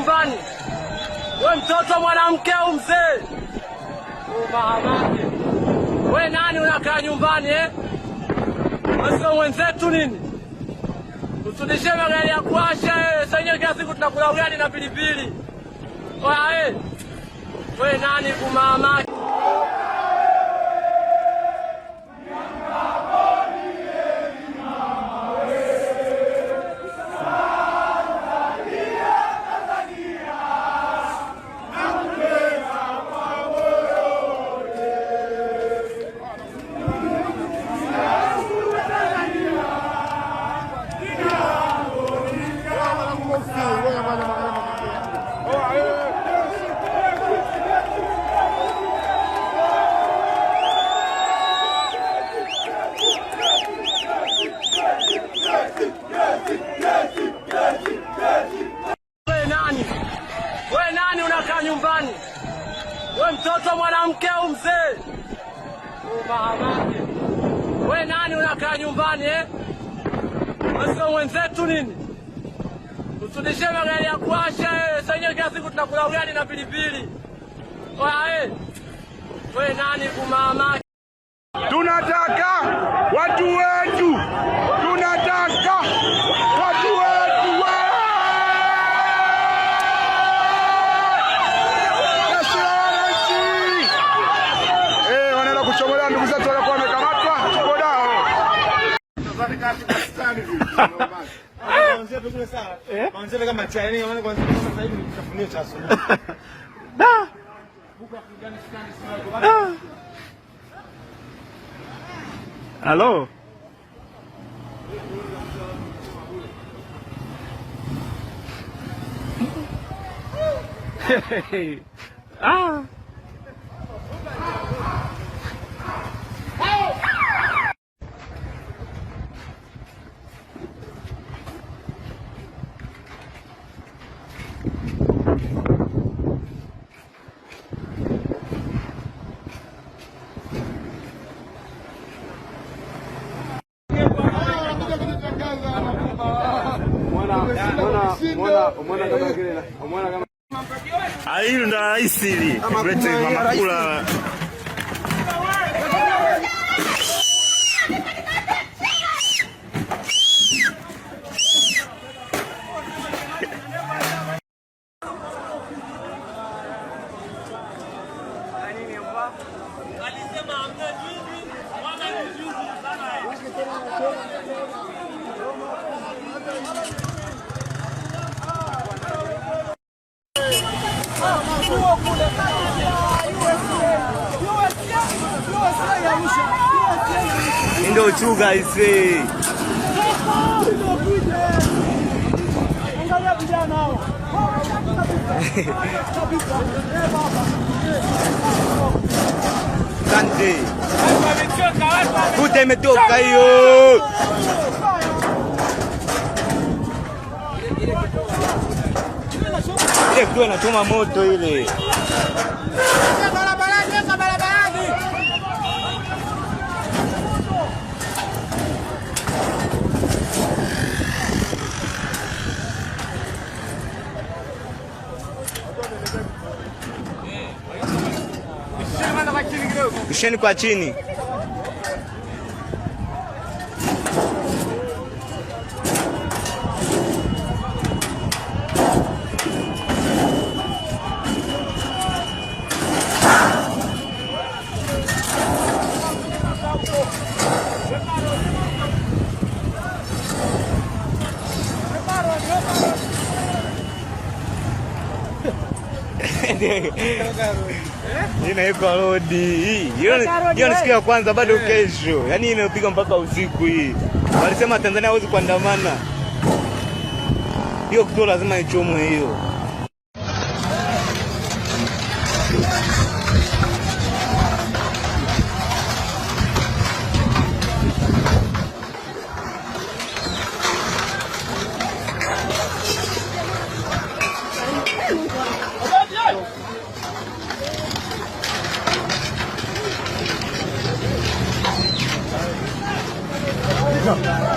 nyumbani, we mtoto mwanamke au mzee umahamake, we nani unakaa nyumbani eh? Wasio mwenzetu nini? Usudishe magari ya kuasha eh? senye, kila siku tunakula ugali na pilipili. Oya, eh? we nani kumahamake? nyumbani, we mtoto, mwanamke au mzee, we nani, unakaa nyumbani eh? Wasio wenzetu nini? Usudishe magari ya kuasha eh, senyewe kila siku tunakula ugali na pilipili. Oya eh, we nani kumama Eh? Halo. Ah. Hilo ndo rahisi hili, kulete mamakula ndio chuga isi Asante. Kuta imetoka hiyo. Ile kitu inachoma moto ile. Rusheni kwa chini. inaekwa rodi hiyo, ni siku ya kwanza bado eh. kesho. Yani inapiga mpaka usiku. Hii walisema Tanzania hawezi kuandamana, hiyo kitu lazima ichomwe hiyo. Oh.